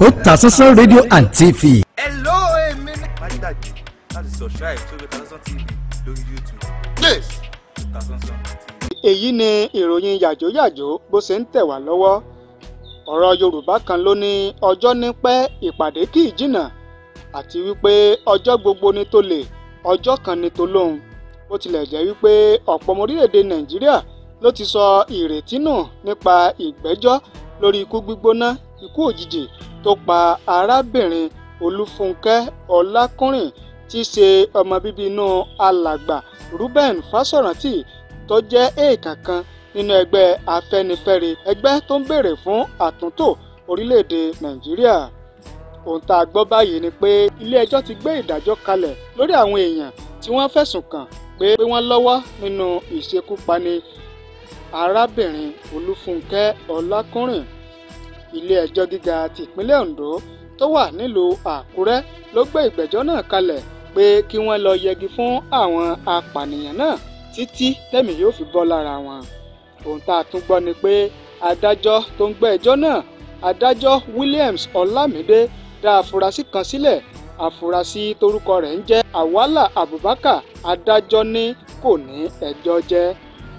Otasansan rédíò and tv. hello èmi ni. dájúdájú láti subscribe to Otasansan tv lórí youtube. yes. Otasansan tv. èyí ni ìròyìn yàjóyàjó bó ṣe ń tẹ̀ wá lọ́wọ́ ọ̀rọ̀ yorùbá kan ló ní ọjọ́ ní pẹ́ ìpàdé kì í jìnnà àti wípé ọjọ́ gbogbo ni tó lè ọjọ́ kan ni tó lóhun bó tilẹ̀ jẹ́ wípé ọ̀pọ̀ orílẹ̀-èdè nàìjíríà ló ti sọ ìrètí nù nípa ìgbẹ́jọ́ lórí ikú gbígbóná ikú òjijì tó pa arábìnrin olúfúnkẹ́ ọlákùnrin tí í ṣe ọmọ bíbí inú alàgbà Reuben fásọ̀rántì tó jẹ́ èèkàn kan nínú ẹgbẹ́ afẹ́nifẹ́re ẹgbẹ́ tó ń béèrè fún àtúntò orílẹ̀-èdè nàìjíríà ohun tá a gbọ́ báyìí ni pé ilé-ẹjọ́ ti gbé ìdájọ́ kalẹ̀ lórí àwọn èèyàn tí wọ́n fẹ̀sùn kàn pé wọ́n lọ́wọ́ nínú ìṣekúpani arábìnrin olúfúnkẹ́ ọlákùnrin ilé-ẹjọ́ gíga ti ìpínlẹ̀ Ondo tó wà nílùú Àkúrẹ́ ló gbé ìgbẹ́jọ́ náà kalẹ̀ pé kí wọ́n lọ yẹgi fún àwọn apànìyàn náà títí tẹ̀mí yóò fi bọ́ lára wọn. ohun tá a tún gbọ́ ni pé adájọ́ tó ń gbé ẹjọ́ náà adájọ́ Williams Ọlámídé dá afurasí kan sílẹ̀ afurasí torúkọ rẹ̀ ń jẹ́ Awala Abubakar adájọ́ ní kò ní ẹjọ́ jẹ́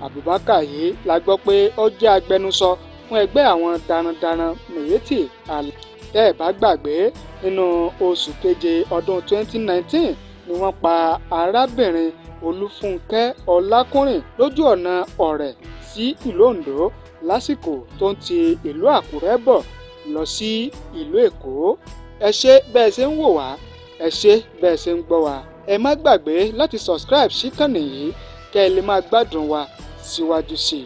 Abubakar yìí la gbọ́ pé ó jẹ́ agbẹnusọ fún ẹgbẹ́ àwọn darandaran miyetti àlè tẹ́ ẹ̀ bá gbàgbé nínú oṣù keje ọdún 2019 ni wọ́n pa arábìnrin olúfúnkẹ́ ọlákùnrin lójú ọ̀nà ọ̀rẹ́ sí ìlú ondo lásìkò tó ń ti ìlú àkúrẹ́ bọ̀ lọ sí ìlú èkó ẹ ṣé bẹ́ẹ̀ ṣe ń wò wá ẹ ṣé bẹ́ẹ̀ ṣe ń gbọ́ wá ẹ má gbàgbé láti subscribe síkànnì yìí kẹ́ ẹ lè máa gbádùn wa síwájú sí i.